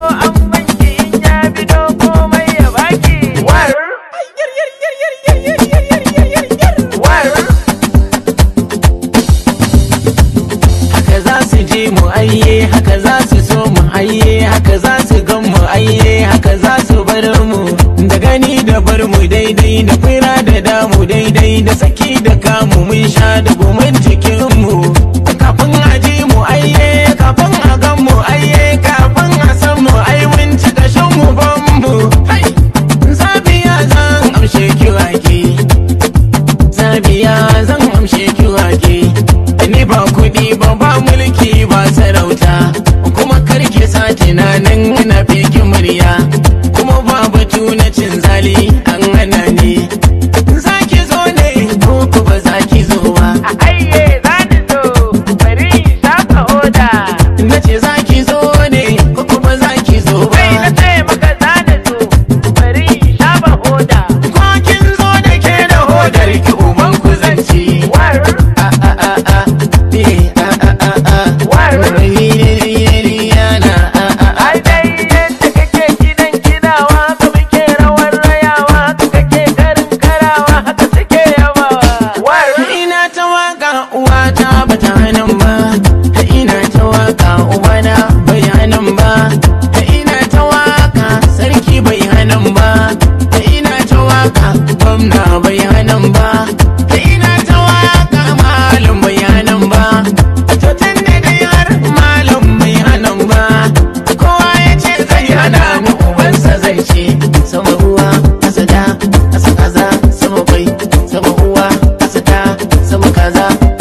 haka za su so mu aiye haka za su gan mu aiye haka za su bar mu da gani da bar mu daidai da fira da damu daidai da saki da kamu mun sha da gumin cikin kuma karki sa tunanin uwata bata hana ba ta ina ta waka ubana bai hanan ba ta ina ta waka sarki bai hanan ba ta ina ta waka gwamna bai hanan ba ta ina ta waka malam bai hanan ba Ta cutan da dai har malam bai hanan ba kowa ya ce zai hana mu ubansa zai ce sama uwa asada asa kaza sama sama uwa sama kaza